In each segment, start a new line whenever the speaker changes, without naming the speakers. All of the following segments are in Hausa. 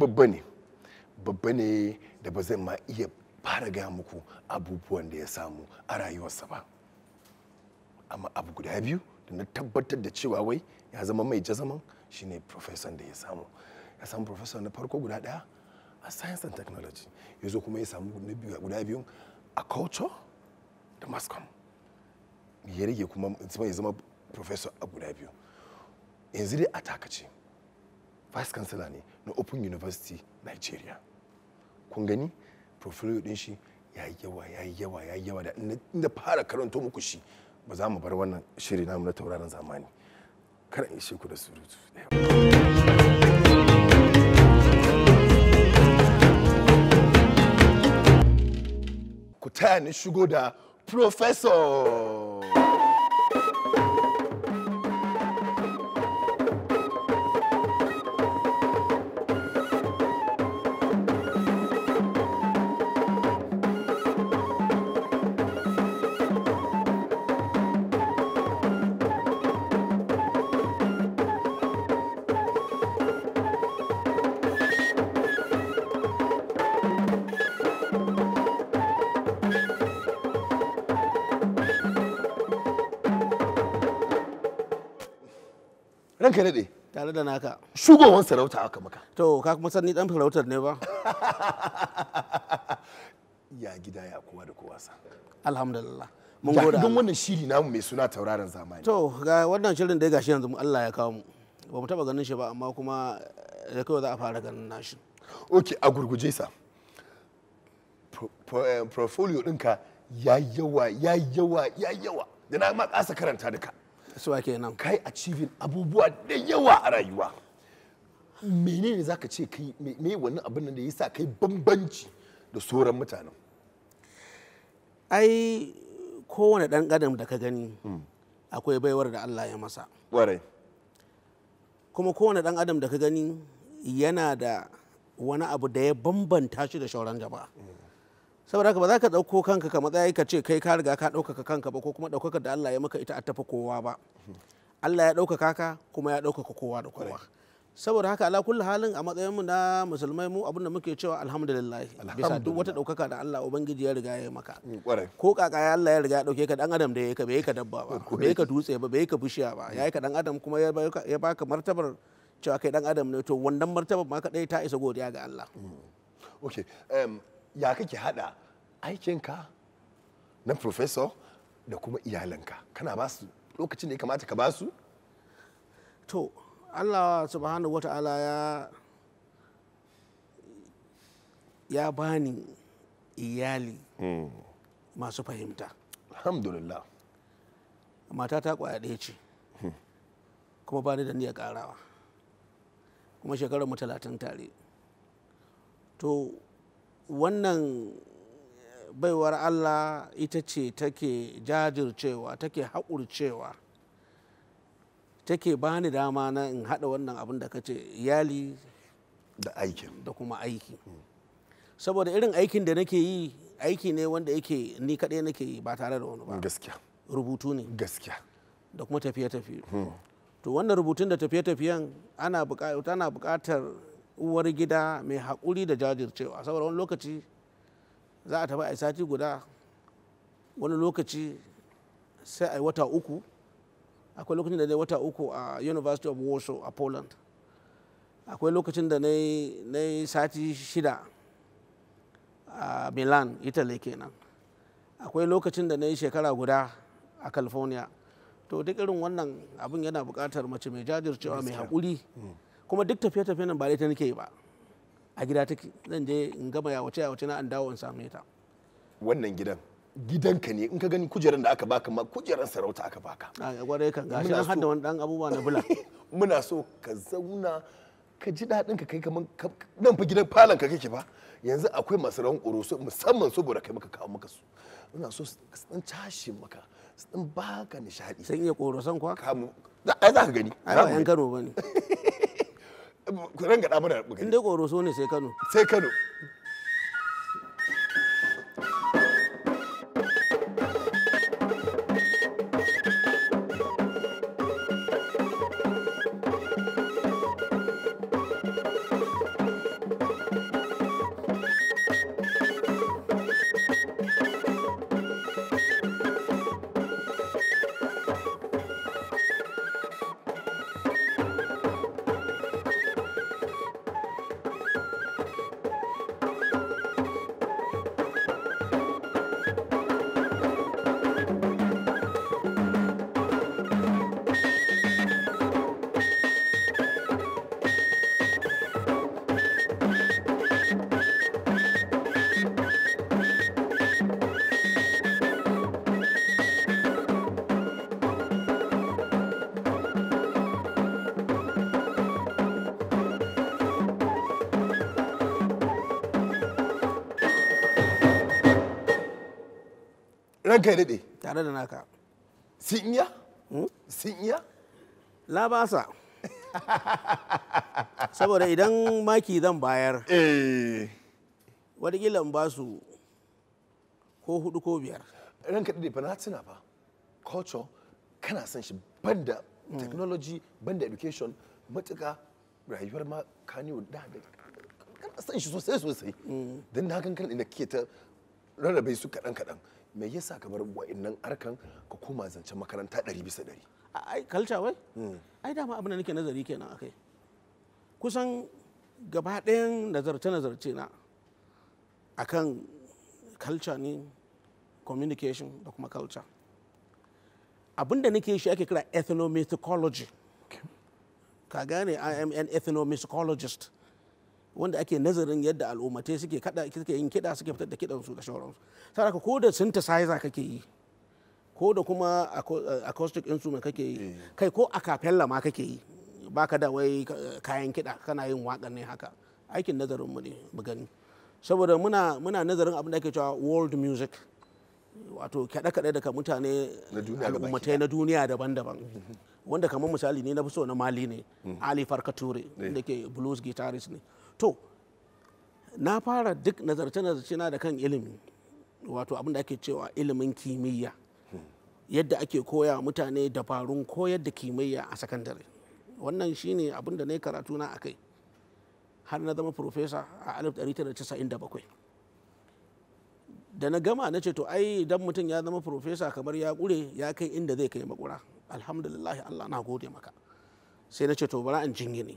babba ne babba ne da ba zai ma iya fara gaya muku abubuwan da ya samu a rayuwarsa ba amma abu guda biyu da na tabbatar da cewa wai ya zama mai jazaman shine professor da ya samu ya samu professor na farko guda daya a science and technology ya zo kuma ya samu guda biyu a culture da mascom ya rage kuma ya zama professor a guda biyu yanzu dai a takace vice chancellor ne na open university nigeria kun gani portfolio din shi ya yi yawa ya yi yawa ya yi yawa da inda fara karanto muku shi ba za mu bar wannan shiri namu na tauraron zamani kar in ishe ku da surutu ku taya ni shigo da professor
ranka daɗe tare da naka
shugaban sarauta
aka maka to ka kuma san ni dan sarautar ne ba
ya gida ya kowa da kowa sa alhamdulillah mun gode don wannan shiri namu mai suna tauraron zamani
to ga wannan shirin da ya gashi yanzu Allah ya kawo mu ba mu taba ganin shi ba amma kuma da eh, kawai za a fara
ganin nashi okay a gurguje sa eh, portfolio ɗinka ya yawa ya yawa ya yawa da na ma ƙasa karanta duka su ake nan kai achieving abubuwa da yawa a rayuwa menene zaka ce kai me wani abin nan da yasa kai bambanci da sauran mutanen ai kowane dan adam da ka gani hmm. akwai baiwar da Allah
ya masa kuma kowane dan adam da ka gani yana da wani abu da ya bambanta shi da shauran jama'a hmm. saboda haka ba za ka ɗauko kanka ka matsayi ka ce kai ka riga ka daukaka kanka ba ko kuma ɗaukaka da Allah ya maka ita a tafi kowa ba Allah ya ɗaukaka ka kuma ya ɗaukaka kowa da kowa saboda haka ala kulli halin a matsayin mu na musulmai mu abin da muke cewa alhamdulillah bisa duk wata daukaka da Allah ubangiji ya riga ya maka mm, ko kaka ya Allah ya riga ya dauke ka dan adam da yake bai ka dabba ba bai ka dutse ba bai ka bishiya ba yayi ka dan adam kuma ya baka martabar cewa kai dan adam ne to wannan martabar ma kadai ta
isa godiya ga Allah mm. okay um, ya kake hada aikinka na professor da kuma iyalanka kana ba su lokacin da ya kamata ka ba su
to allah subhanahu wata'ala ya ya bani iyali hmm. masu fahimta alhamdulillah mata ta kwaya ɗaya ce hmm. kuma ba ni da niyyar karawa kuma shekarar mu talatin tare to wannan baiwar allah ita ce take jajircewa take haƙurcewa take ba ni dama na in haɗa wannan abin da kace iyali da aikin da kuma aiki hmm. saboda irin aikin da nake yi aiki ne wanda yake ni kaɗai nake yi ba tare da wani ba gaskiya rubutu ne gaskiya da kuma tafiye-tafiye hmm. to wannan rubutun da tafiye-tafiyen ana buƙatar uwar gida mai haƙuri da jajircewa saboda wani lokaci za a tafi a sati guda wani lokaci sai a yi wata uku akwai lokacin da na wata uku a university of warsaw a poland akwai lokacin da na yi sati shida a milan italy kenan akwai lokacin da na yi shekara guda a california to duk irin wannan abin yana buƙatar mace mai jajircewa mai haƙuri mm. kuma duk tafiye-tafiye nan ba ta nake ba
a gida take zan je in gama yawace yawace na an dawo in same ta wannan gidan gidanka ne in ka gani kujeran da aka baka ma kujeran sarauta aka baka a gwarai kan gashi an hada wani dan abubuwa na bula muna so ka zauna ka ji daɗin ka kai kaman nan fa gidan falon ka kake ba yanzu akwai masu rawan ƙoroso musamman saboda kai maka kawo maka su muna so su dan cashe maka su dan baka nishaɗi sai iya ƙoro kuwa kwa? ai za ka gani ai ba yan karo bane ku rangada mana bukari inda
koroso ne sai Kano sai Kano
ranka daɗe tare da naka sun iya hmm? sun iya
labasa saboda idan maki zan
bayar eh. wadakila in ba su ko hudu ko biyar ranka daɗe fa na tuna ba culture kana son shi banda hmm. technology banda education matuka rayuwar ma kani da da kana son shi sosai sosai hmm. don na kan kan ina ke ta rarrabe su kaɗan kaɗan me yasa ka bar wa'annan arkan ka koma zancen makaranta ɗari bisa ɗari ai kalcha
wai hmm. ai dama abin da nake nazari kenan akai kusan gaba ɗayan nazarce-nazarce na akan kalca ne communication da kuma culture abin da nake shi ake kira ethnomythology ka gane i am an ethnomythologist wanda ake nazarin yadda al'ummatai suke kada suke yin kiɗa suke fitar da kiɗan su da shauransu saboda ko da synthesizer kake yi ko da kuma eh, acoustic instrument kake yi eh. kai ko a capella ma kake yi baka da wai kayan kiɗa kana yin waƙa ne haka aikin nazarin mu ne mu gani saboda muna muna nazarin abin da ake cewa world music wato kaɗe-kaɗe daga mutane al'ummatai na duniya daban-daban wanda kamar misali ne na fi so na mali ne mm. ali ture eh. da ke blues guitarist ne to na fara duk nazarce-nazarce na da kan ilimi wato abin da ake cewa ilimin kimiyya yadda ake koya mutane dabarun koyar da kimiyya a sakandare wannan shine abin da na yi karatu na akai har na zama profesa a 1997 da na gama na ce to ai idan mutum ya zama profesa kamar ya kure ya kai inda zai kai makura alhamdulillah allah na gode maka sai na ce to bara in jingine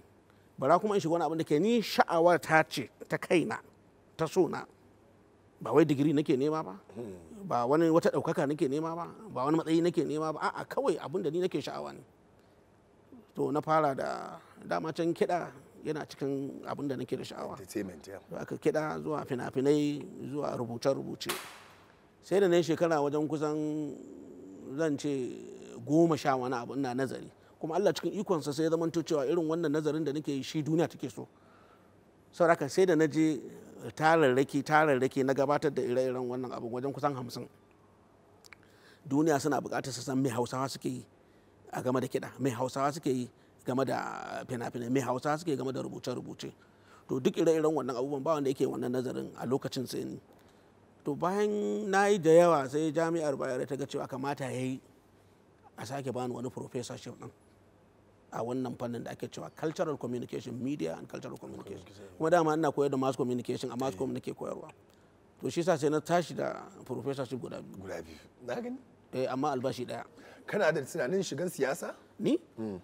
bara kuma in shiga wani abin da ke ni sha'awar ta ce ta kaina ta sona ba wai digiri nake nema ba ba wani wata ɗaukaka nake nema ba ba wani matsayi nake nema ba a'a kawai abin da ni nake sha'awa ne to na fara da dama can kiɗa yana cikin abin da nake da sha'awa aka kiɗa zuwa fina-finai zuwa rubuce-rubuce sai da na shekara wajen kusan zan ce goma sha wani abu na nazari kuma Allah cikin ikonsa sai ya zamanto cewa irin wannan nazarin da nake shi duniya take so saboda sai da na je eh, tararraki tararraki na gabatar da ire-iren wannan abu wajen kusan hamsin duniya suna buƙatar su san mai hausawa suke yi a game da kiɗa mai hausawa suke yi game da fina-finai mai hausawa suke game da rubuce-rubuce to duk ire-iren wannan abubuwan ba wanda yake wannan nazarin a lokacin sai ni to bayan na yi da yawa sai jami'ar bayar ta ga cewa kamata ya yi a sake bani wani professorship din. a wannan fannin da ake cewa cultural communication media and cultural communication kuma dama ina koyar da mass communication a mass communication koyarwa to shi sa sai na tashi da professorship guda biyu guda biyu na gani eh amma albashi daya kana da tunanin shigan siyasa ni hmm.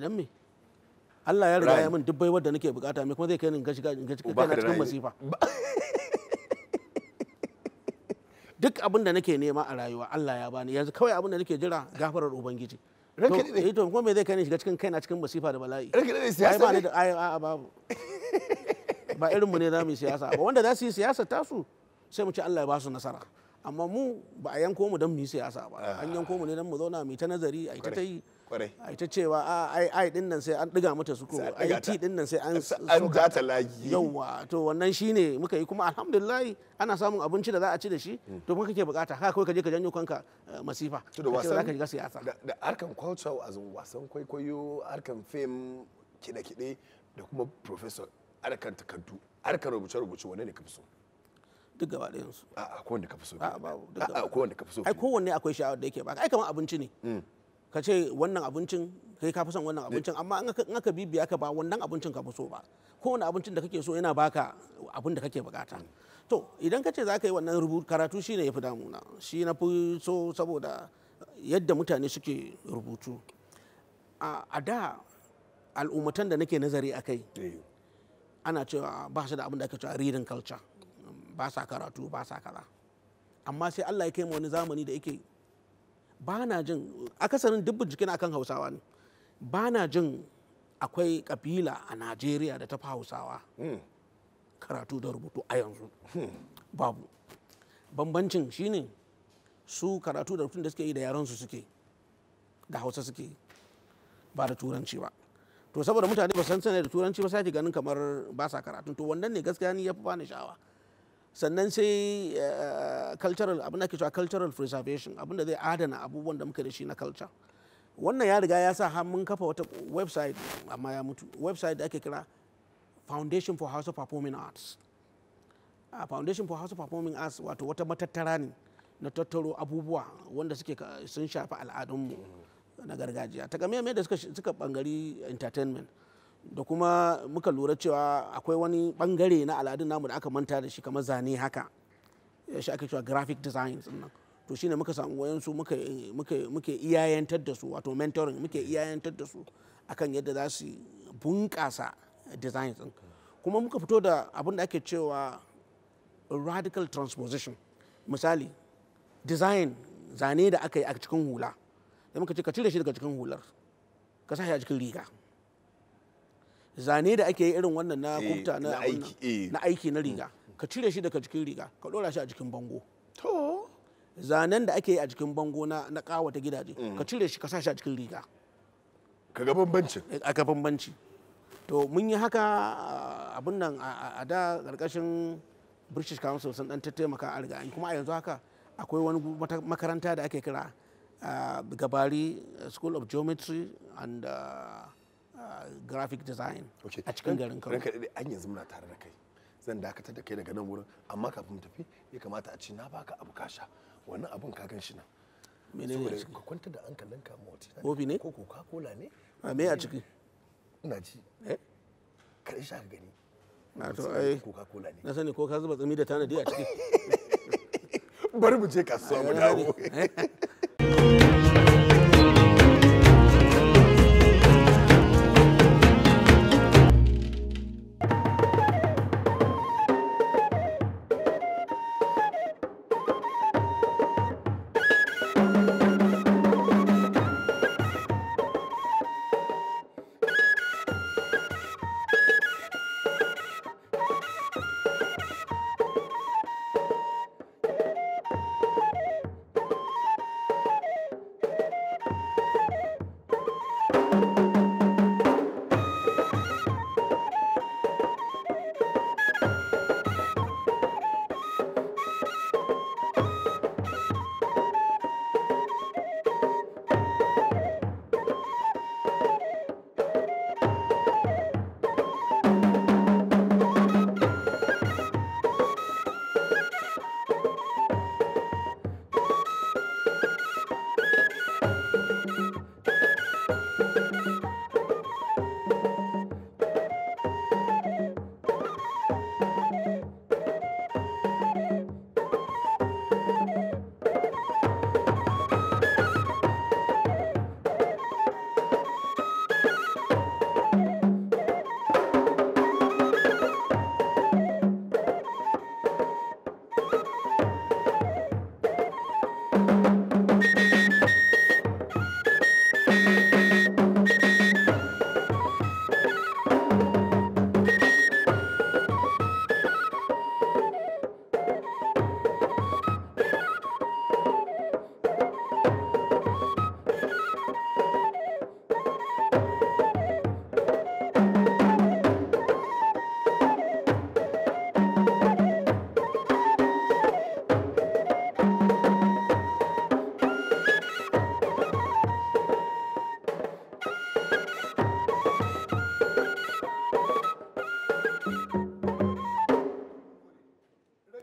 dan me Allah ya riga ya min duk baiwar da nake bukata me kuma zai kai ni in ga shiga in cikin masifa duk abin da nake nema a rayuwa Allah ya bani yanzu kawai abin da nake jira gafarar ubangiji ranka ne eh to kuma me zai kai ne shiga cikin kaina cikin masifa da bala'i ranka ba a babu ba irin mu ne za mu yi siyasa ba wanda za su yi siyasa tasu sai mu ci Allah ya ba su nasara amma mu ba a yanko mu don mu yi siyasa ba an yanko mu ne don mu zauna mu ta nazari a yi ta yi kwarai ita cewa ai ai din nan sai an diga mata su ko ai ti din nan sai an an ja ta lagi yawa to wannan shine muka yi kuma alhamdulillah ana samun abinci da za a ci da shi mm. to muka kake bukata haka kai ka je ka janyo kanka eh, masifa to da wasan ka shiga siyasa
da harkan culture azun wasan kwaikwayo harkan film kide-kide da kuma professor harkan takardu harkan rubuce-rubuce wanne ne ka fi so duk gaba ɗayan su a kowanne ka fi so a babu duk gaba ɗayan so ai
kowanne akwai sha'awar da yake baka ai kamar abinci ne mm. ka ce wannan abincin kai ka fi son wannan abincin eh. amma in aka bibiya ka ba wannan abincin ka fi so ba kowane abincin da kake so yana baka abin da kake bukata hmm. to idan ka ce za ka yi wannan rubutu karatu shi ne ya fi damuna shi na fi so saboda yadda mutane suke rubutu a da al'ummatan da nake nazari a kai eh. ana cewa ba su da abin da ake cewa reading culture ba sa karatu ba sa kaza amma sai Allah ya kai mu wani zamani da yake ba na jin akasarin duk binciken akan hausawa ne ba na jin akwai kabila a najeriya da ta fi hausawa hmm. karatu da rubutu a yanzu hmm. babu bambancin shine su karatu da rubutun da suke yi da su suke da hausa suke ba da turanci ba to saboda mutane ba san sanar da turanci ba sai ganin kamar ba sa karatun to wannan ne gaskiya ni ya fi bani sha'awa sannan sai eh, eh, cultural abin da ake cewa cultural preservation abin da zai adana abubuwan da muka da shi na culture wannan ya riga ya sa har mun kafa wata website amma ya mutu website da ake kira foundation for house of performing arts a foundation for house of performing arts wato wata matattara ne na tattaro abubuwa wanda suke sun shafi al'adunmu na gargajiya ta game da suka bangari entertainment da kuma muka lura cewa akwai wani bangare na al'adun namu da aka manta da shi kamar zane haka eh, shi ake cewa graphic design nan to shine muka samu wayansu muka iyayantar da su wato mentoring muke iyayantar da su akan yadda za su bunƙasa design din kuma muka fito da abin da ake cewa radical transposition misali design zane da aka yi a cikin hula da muka ce ka cire shi daga cikin hular ka sa shi a cikin riga zane da ake yi irin wannan na eh, kumta eh. na aiki na riga ka cire shi daga jikin riga ka dora shi a jikin bango to zanen da ake yi a jikin bango na na kawata gidaje mm. ka cire shi ka sa shi a jikin riga ka ga bambancin eh, a ga bambanci to mun yi haka ah, abin nan a da karkashin british council sun dan taimaka a riga kuma a yanzu haka akwai wani makaranta da ake kira ah, gabari school of
geometry and uh, graphic design a cikin garin kano ranka dai an yanzu muna tare da kai zan dakatar da kai daga nan wurin amma kafin mu tafi ya kamata a ce na baka abu kasha wannan abun ka gan shi nan mene ne ka kwanta da hankalin ka mota kofi ne ko ka kola ne a me a ciki ina ji eh kai sha gani
na to ai coca kola ne na sani ko ka zuba tsumi da tanadi a ciki
bari mu je kasuwa mu dawo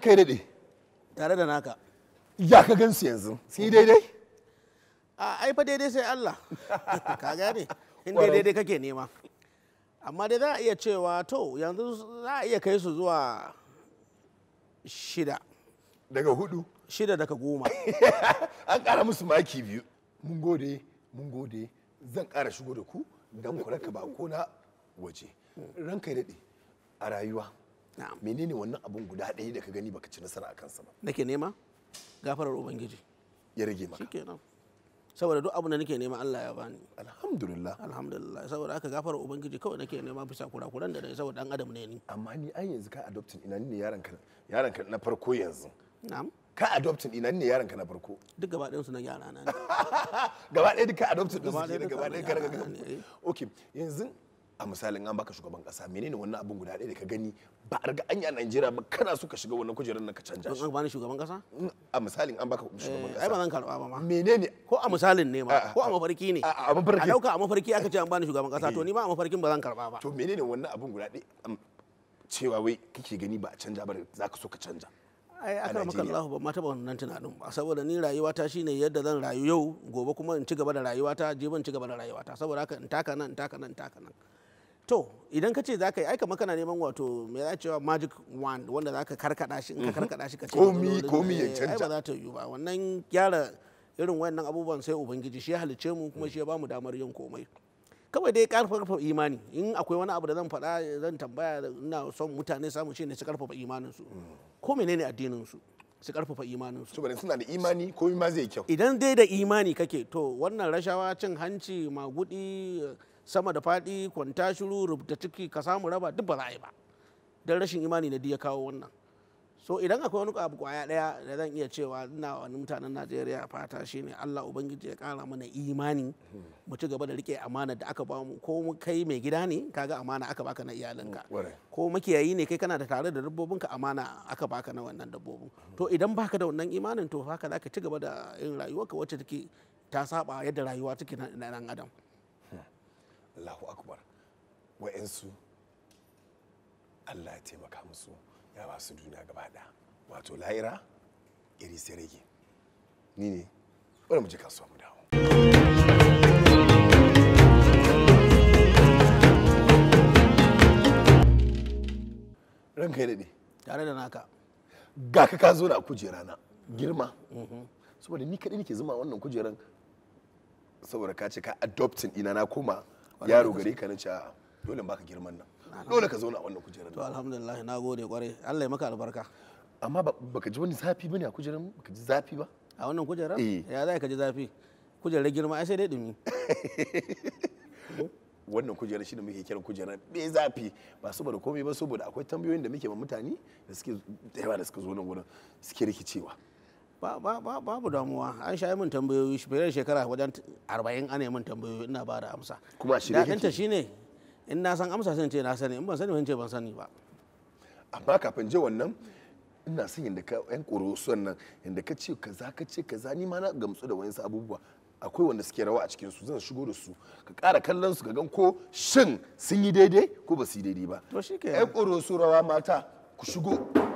kai daɗe tare da naka ya ka gansu yanzu sun yi daidai
a ai fa daidai sai Allah ka gane in daidai kake nema amma dai za a iya cewa to yanzu
za a iya kai su zuwa shida daga hudu shida daga goma an kara musu maki biyu mun gode mun gode zan kara shigo da ku don ku raka ko na waje ranka daɗe a rayuwa menene wannan abun guda ɗaya da ka gani baka ci nasara a kansa ba
nake nema gafarar ubangiji
ya rage maka shikenan
saboda duk abin da nake nema Allah ya bani
alhamdulillah alhamdulillah
saboda haka gafarar ubangiji kawai nake nema bisa kurakuran da nayi saboda dan adam ne ni
amma ni ai yanzu ka adopting ina ne yaron ka yaron ka na farko yanzu na'am ka adopting ina ne yaron ka na farko duk gaba ɗayan su na yara na ne gaba ɗaya duka adopting din su ne gaba ɗaya ka okay yanzu a misalin an baka shugaban kasa menene wannan abin guda ɗaya da ka gani ba a riga an yi a Najeriya ba kana so ka shiga wannan kujerar nan ka canja shi. ni shugaban kasa? A misalin an baka shugaban eh, kasa. Ai
ba zan karɓa ba ma. Menene? Ko a misalin ne ma ko a
mafarki ne. A mafarki. A dauka
a mafarki aka ce an bani shugaban kasa to eh. ni ma a mafarkin ba zan karɓa ba. To
menene wannan abin guda ɗaya cewa wai kake gani ba a canja ba za ka so ka canja.
ai aka maka Allah ba ma taba wannan tunanin ba saboda ni rayuwata shine yadda zan rayu yau gobe kuma in ci gaba da rayuwata je ban ci gaba da rayuwata saboda haka in taka nan in taka nan in taka nan to idan ka ce za ka yi aika makana neman wato mai za cewa magic wand wanda za ka karkada shi in ka mm-hmm. karkada shi ka ce komi komi ya eh, canja ba za ta yi ba wannan gyara irin wannan abubuwan sai ubangiji shi ya halice mu kuma shi ya bamu damar yin komai kawai dai karfafa imani in akwai wani abu da zan faɗa zan tambaya ina son mutane samu shi ne su karfafa imanin su mm. ko menene addinin su su karfafa imanin su saboda suna da imani komai ma zai kyau idan dai da imani kake to wannan rashawa cin hanci magudi sama da faɗi kwanta shiru rubuta ciki ka samu raba duk ba za a yi ba don rashin imani na ya kawo wannan so idan akwai wani abu kwaya daya da zan iya cewa ina wani mutanen najeriya fata shine allah ubangiji ya kara mana imani mu ci gaba da rike amana da aka bamu ko kai mai gida ne kaga amana aka baka na iyalinka mm, ko makiyayi ne kai kana da tare da dabbobinka amana aka baka na wannan dabbobin to idan baka da wannan imanin to haka zaka ci gaba da yin rayuwarka wacce take ta saba yadda rayuwa take na dan adam
Allahu akbar wa'yansu Allah ya taimaka musu ya ba su duniya gaba wato la'ira iri sai rage ni ne bari mu je kasuwa mu dawo ran kai daɗe tare da naka ga ka ka zo da kujera na girma saboda ni kaɗai nake zama wannan kujeran saboda ka ce ka adoptin ina na koma yaro gare ka na ce a'a dole baka girman nan dole ka zauna a wannan kujerar to
alhamdulillah na gode kwarai Allah ya maka albarka amma baka ji wani zafi bane a kujerar ka ji
zafi ba a wannan kujerar eh. ya za ka ji zafi kujerar girma ai sai dai dumi wannan kujerar shi da muke kiran kujerar me zafi ba saboda komai ba saboda akwai tambayoyin da muke ma mutane da suke da yawa da suka zo nan gurin suke rikicewa
babu damuwa an sha min tambayoyi fiye da shekara wajen arba'in ana min tambayoyi ina ba da amsa kuma shi daɗinta shine in na san amsa sun ce na sani in ban sani ban ce ban sani ba
amma kafin je wannan ina son yadda ka yan ƙorosuwan nan yadda ka ce kaza ka ce kaza ni ma na gamsu da wani abubuwa akwai wanda suke rawa a cikin su zan shigo da su ka kara kallon su ka gan ko shin sun yi daidai ko ba su yi daidai ba to shi ke yan su rawa mata ku shigo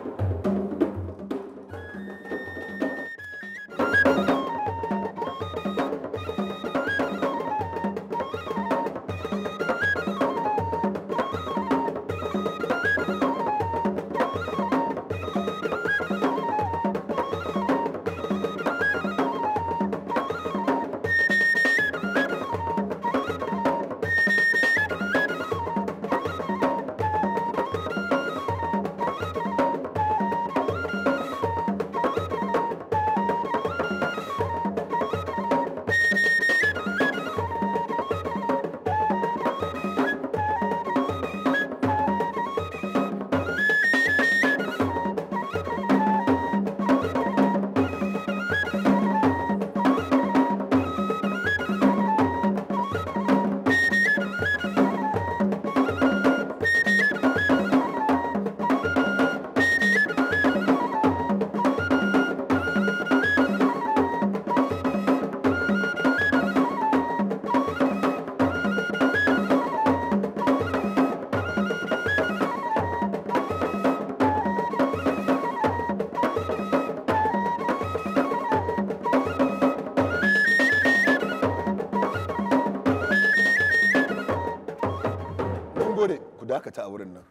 dakata a wurin nan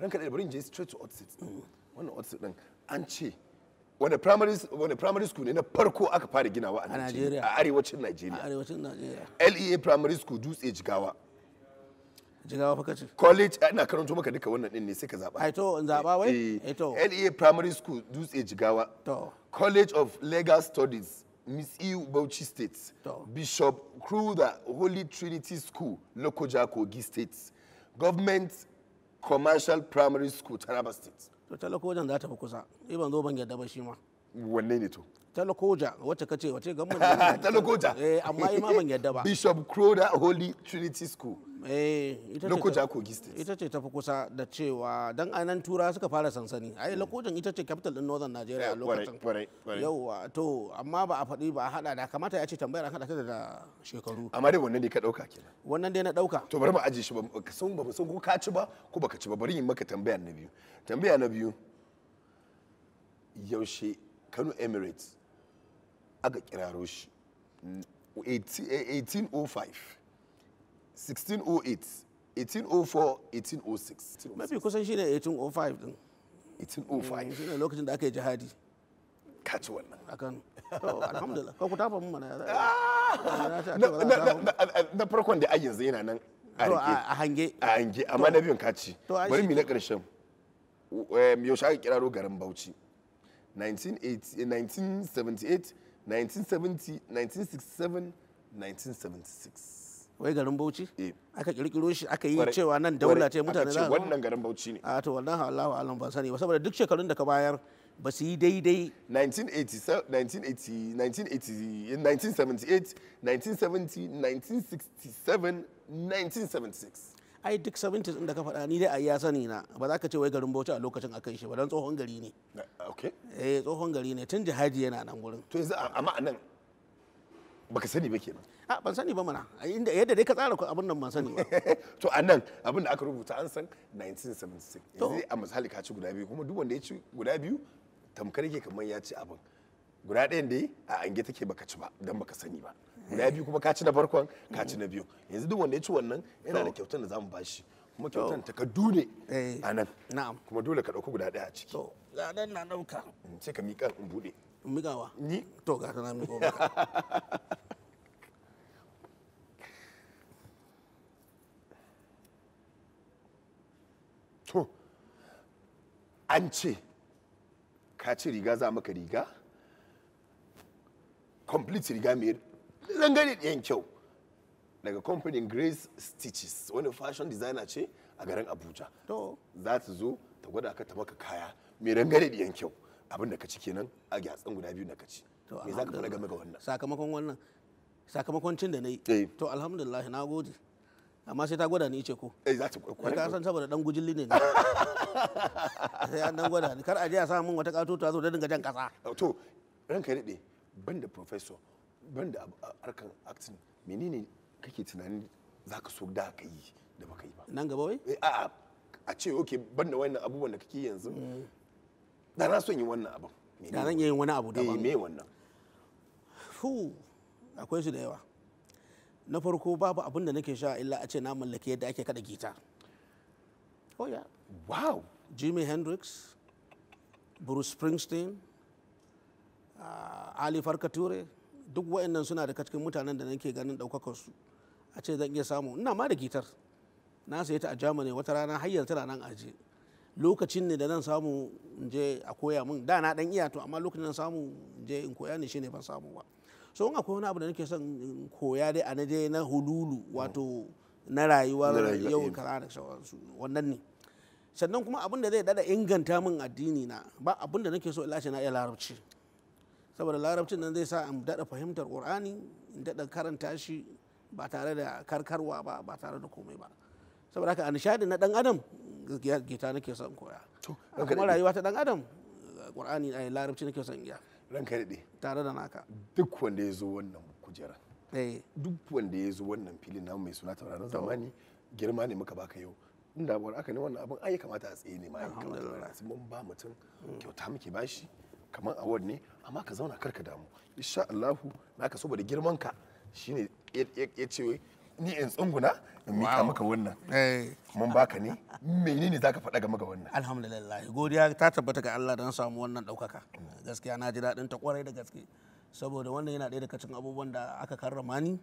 ranka da bari in je straight to outset mm. wannan outset din an ce wanda primary wanda primary school ne na farko aka fara ginawa a nigeria a arewacin nigeria a arewacin Najeriya LEA primary school dutse jigawa jigawa fa kace college ina karanto maka duka wannan din ne sai ka zaba ai to in zaba wai eh, ai to LEA primary school dutse jigawa to college of legal studies Miss Iu e Bauchi State, to. Bishop Kruda Holy Trinity School, Lokoja Kogi State, Government commercial primary school taraba state to
talakojan za ta fi kusa ni ban zo ban yadda ba shi ma
wanne ne to
talakoja wacce kace wacce gamman talakoja eh amma ma ban yadda ba bishop
crowder holy trinity school eh kogi state
ita ce tafi kusa da cewa dan anan tura suka fara sansani yi hmm. lokacin ita ce capital din northern nigeria a eh, lokacin yauwa to amma ba a faɗi ba a hada da kamata ya ce tambayar an hada ta da
shekaru amma dai wannan ne ka dauka kenan wannan dai na dauka to bari mu aje shi ba san ba san ko ka ci ba ko baka ci ba bari yin maka tambaya na biyu tambaya na biyu yaushe Kano Emirates aka kiraro shi 1805 1608 1804 1806
mafi kusan shine 1805 din 1805 mm, lokacin da aka yi jihadi kaci wannan
na farkon da yanzu yana nan a hange a hange amma na biyun kaci bari mu na karshen eh, yaushe aka kiraro garin Bauchi 1978 1970 1967 1976 wai garin bauchi eh. aka kirkiro shi aka yi cewa nan daula ce mutane za wannan garin
bauchi ne a ah, to ha
Allahu alam ba sani ba saboda duk shekarun da ka bayar ba su yi daidai 1980 ai duk 70s din da ka faɗa ni dai a ya sani na ba za ka ce wai
garin bauchi a lokacin aka yi shi ba don tsohon gari ne eh, eh tsohon gari ne tun jihadi yana nan gurin
to yanzu amma a nan baka sani ba kenan a ah, ban sani ba mana inda yadda dai ka tsara ku abin nan ban sani ba to anan abin da aka rubuta an san 1976 yanzu a misali ka ci guda biyu kuma duk wanda ya ci guda biyu tamkar yake kamar ya ci abin guda ɗayan dai a ange take baka ci ba dan baka sani ba guda biyu kuma ka ci na farkon ka ci na biyu yanzu duk wanda ya ci wannan yana da kyautar da zamu bashi kuma kyautar takardu ne eh. a nan kuma dole ka ɗauki guda ɗaya a ciki to na ɗauka mm, sai ka miƙa in buɗe miƙawa ni to tana maka to an ce ka ci riga za maka riga complete riga mai rangane ɗayan kyau daga kamfanin grace stitches wani fashion designer ce a garin abuja za ta zo ta gwada ka ta maka kaya mai rangane ɗayan kyau abin da ka ci kenan a gyatsan guda biyu na ka ci me za ka fara game ga wannan sakamakon wannan sakamakon cin da na yi eh. to alhamdulillah na
gode amma sai ta gwada ni ce ko eh za ta gwada ka san saboda dan gujilli ne sai an dan gwada ni kar a je a samu wata katotuwa zo da dinga jan kasa to ranka ya dade
banda professor banda harkan acting menene kake tunanin zaka so da ka yi da baka yi ba nan gaba wai eh, a a ce okay banda wannan abubuwan da kake yanzu mm. da na son yi wannan abin da zan iya yin wani abu daban eh, me wannan
fu akwai su da yawa na farko babu abin da nake sha illa a ce na mallake yadda ake kada gita oh ya wow jimi hendrix bruce springsteen uh, ali farkature duk waɗannan suna da cikin mutanen da nake ganin daukakar su a ce zan iya samu ina ma da gitar na sayi ta a germany wata rana hayyar tana nan aje lokacin ne da zan samu in je a koya min da na dan iya to amma lokacin da samu je in koya ne shine ban samu ba so in akwai wani abu da nake son in koya dai a na je na hululu wato na rayuwa yau eh. kaza da sauransu wannan ne sannan kuma abin da zai dada inganta min addini na ba abin da nake so ilashe na iya larabci saboda larabcin nan zai sa in dada fahimtar qur'ani in dada karanta shi ba tare da karkarwa ba ba tare da komai ba saboda haka a nishadi na dan adam gaskiya gita nake son koya kuma rayuwa ta dan adam qur'ani a larabci nake son iya ranka daɗe tare
da naka duk wanda ya zo wannan kujera eh. duk wanda ya zo wannan filin namu mai suna tauraron zamani girma ne muka baka yau inda wani aka ne wannan abin ai kamata a tsaye ne ma ya mun ba mutum kyauta muke bashi kamar award ne amma ka zauna karka damu insha Allahu naka saboda girman ka shine ya ce ni in tsunguna in mika maka wannan eh. mun baka ne menene zaka faɗa game ga wannan
alhamdulillah godiya ta tabbata ga Allah don samu wannan ɗaukaka gaskiya na ji daɗin ta kwarai da gaske saboda wannan yana ɗaya daga cikin abubuwan da aka karrama ni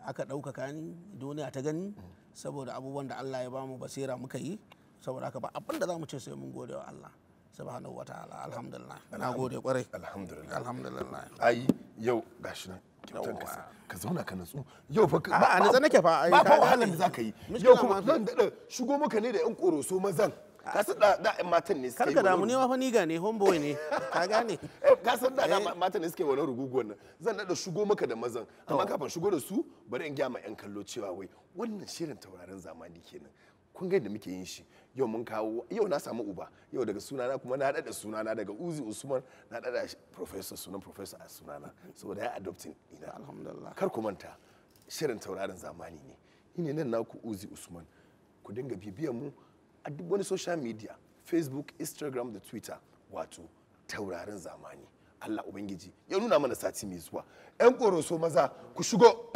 aka ɗaukaka ni duniya ta gani saboda abubuwan da Allah ya bamu basira muka yi saboda haka ba abin da za mu ce sai mun gode wa Allah subhanahu wa ta'ala alhamdulillah na gode kwarai alhamdulillah alhamdulillah
ai yau gashi nan kyautar kasa ka zauna ka natsu yau fa ba a natsa nake fa ba fa wahalar da zaka yi yau kuma zan dada shigo maka ne da yan koroso mazan ka san da da matan ne suke karka mu ne ma fa niga ne homeboy ne ka gane eh, ka san da eh. matan ne suke wani ruguguwan nan zan dada shigo maka da mazan amma kafin shigo da su bari in gya ma yan kallo cewa wai wannan shirin tauraron zamani kenan kun ga yadda muke yin shi yau mun kawo yau na samu uba yau daga sunana kuma na dada sunana daga uzi usman na dada professor sunan professor a sunana saboda ya adopting ina alhamdulillah kar ku manta shirin taurarin zamani ne ine nan naku uzi usman ku dinga bibiyan mu a duk wani social media facebook instagram da twitter wato taurarin zamani allah ubangiji ya nuna mana sati mai zuwa yan koroso maza ku shigo